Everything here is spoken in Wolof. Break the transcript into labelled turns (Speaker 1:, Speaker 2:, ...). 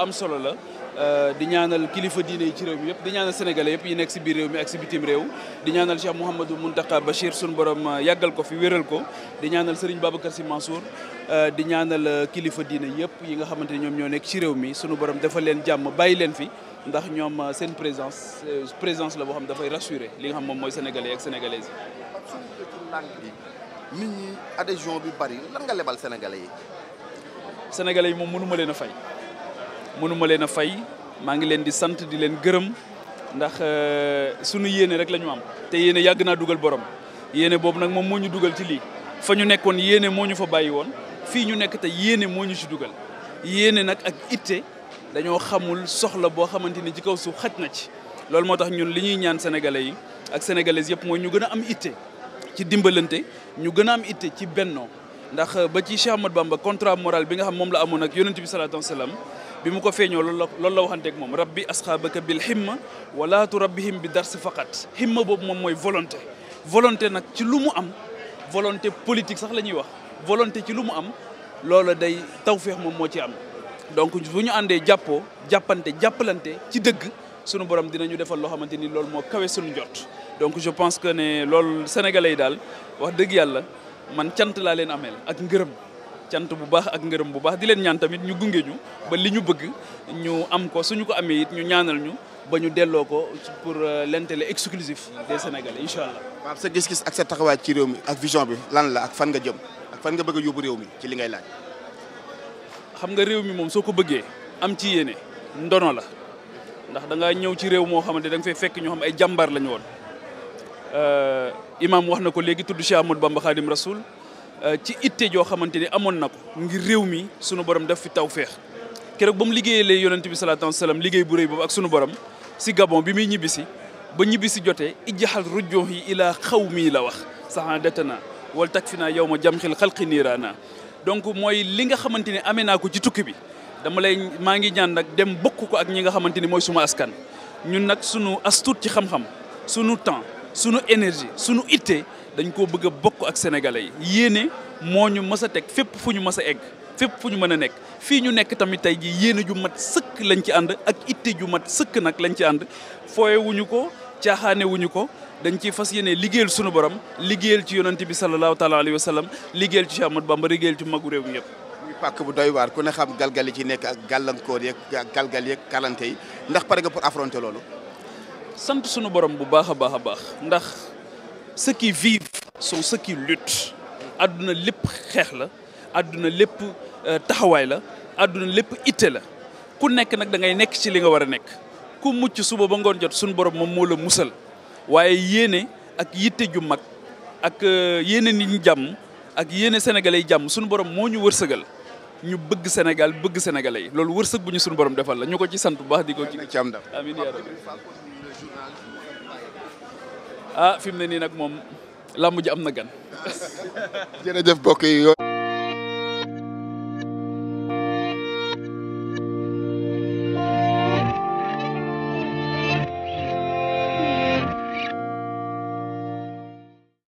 Speaker 1: am solo la euh, di ñaanal kilifa diine yi ci réew mi yëpp di ñaanal sénégalais yëpp yi nekk si biir réew mi ak si bitim réew di ñaanal Cheikh Mouhamadou Mountakha Bachir sunu borom euh, yàggal ko fi wéral ko di ñaanal Serigne Babacar Sy Mansour euh, di ñaanal kilifa diine yëpp yi nga xamante ni ñoom ñoo nekk ci réew mi sunu borom dafa leen jàmm bàyyi leen fi ndax ñoom seen présence présence la boo xam dafay rassurer li nga xam moom mooy sénégalais ak yi. nit ñi adhésion bi bari lan nga lebal yi. sénégalais yi moom mënu ma leen a fay. mënuma leen a fay maa ngi leen di sant di leen gërëm ndax euh, sunu yéene rek la ñu am te yéene yàgg naa dugal borom yéene boobu nag moom moo ñu dugal ci lii fa ñu nekkoon yéene moo ñu fa bàyyi woon fii ñu nekk te yéene moo ñu ci dugal yéene nag ak itte dañoo xamul soxla boo xamante ni ci kaw suuf xaj na ci loolu moo tax ñun li ñuy ñaan sénégalais yi ak sénégalaises yëpp mooy ñu gën a am itte ci dimbalante ñu gën a am itte ci bennoo ndax euh, ba ci Cheikh Ahmad Bamba contrat moral bi nga xam moom la amoon ak yonent bi salaatu wasalaam bi mu ko feeñoo loolu la loolu la waxanteeg moom rabbi asxaabaka bil himma wala turabbihim bi bi dars faqat himma boobu moom mooy volonté volonté nag ci lu mu am volonté politique sax la ñuy wax volonté ci lu mu am loola day taw tawféex moom moo ci am donc bu ñu àndee jàppoo jàppante jàppalante ci dëgg sunu borom dinañu defal loo xamante ni loolu moo kawee sunu jot donc je pense que ne loolu sénégalais yi daal wax dëgg yàlla man cant laa leen ameel ak ngërëm cant bu baax ak ngërëm bu baax di leen ñaan tamit ñu gunge ñu ba li ñu bëgg ñu am ko su ñu ko amee it ñu ñaanal ñu ba ñu delloo ko pour euh, l'intérêt exclusif des Sénégalais incha allah. waaw sa gis-gis ak sa taxawaay ci réew mi ak vision bi lan la ak fan nga jëm ak fan nga bëgg a yóbbu réew mi ci li ngay laaj. xam nga réew mi moom soo ko bëggee am ci yéene ndono la ndax da ngaa ñëw ci réew moo xamante da nga fay fekk ñoo xam ay jàmbaar lañu woon. Euh, imaam wax na ko léegi tudd Cheikh Ahmadou Bamba Khadim Rasoul euh, ci ite joo xamante ni amoon na ko ngir réew mi sunu borom def fi taw tawféex keroog ba mu liggéeyee lay yonent bi salaatu wa salaam liggéey bu rëy boobu ak sunu borom si Gabon bi muy ñibbisi ba ñibbisi jotee ijjaxal rujjoo yi ilaa xaw mii la wax saxan detana wal tak fi naa yow ma jam xil xalqi niiraana donc mooy li nga xamante ni amee naa ko ci tukki bi dama lay maa ngi ñaan nag dem bokk ko ak ñi nga xamante ni mooy suma askan ñun nag sunu astuut ci xam-xam sunu temps sunu énergie sunu itte dañ koo bëgg bokk ak sénégalais yi yéene moo ñu mës teg fépp fu ñu mës a egg fépp fu ñu mën a nekk fii ñu nekk tamit tey jii yéene ju mat sëkk lañ ci ànd ak itte ju mat sëkk nag lañ ci ànd fooye wuñu ko caaxaane wuñu ko dañ ciy fas yéene liggéeyal sunu borom liggéeyal ci yonent bi sallallahu taala alayhi wa sallam liggéeyal ci Cheikh Ahmadou Bamba liggéeyal ci magu réew mi yëpp muy pàkk bu doy waar ku ne xam galgal yi ci nekk ak gàllankoor yeeg ak galgal yeeg kalante ndax pare nga pour affronter loolu sant sunu borom bu baax a baax a baax ndax ceux qui vivent sont ceux qui luttent àdduna lépp xeex la àdduna lépp euh, taxawaay la àdduna lépp ite la ku nekk nag da ngay nekk ci li nga war a nekk ku mucc suba ba ngoon jot sunu borom moom moo la musal waaye yéene ak yitte ju mag ak euh, yéene nit ñi jàmm ak yéene sénégalais yi jàmm sunu borom moo ñu wërsëgal ñu bëgg Sénégal bëgg sénégalais yi loolu wërsëg bu ñu sunu borom defal la ñu ko ci sant bu baax di ko ci. amiin yaa rabbi ah fi mu ne nii nag moom làmb ji am na gan. jërëjëf mbokk yi.